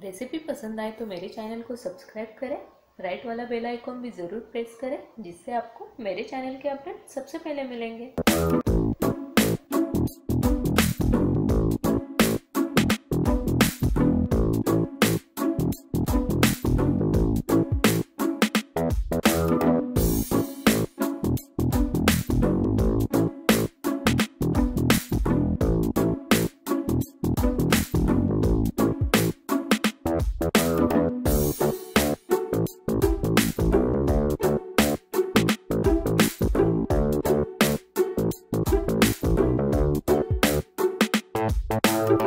Recipe पसंद आए तो मेरे चैनल को सब्सक्राइब करें राइट वाला बेल आइकॉन भी ज़रूर प्रेस करें जिससे आपको मेरे चैनल के अपडेट सबसे पहले मिलेंगे Thank you.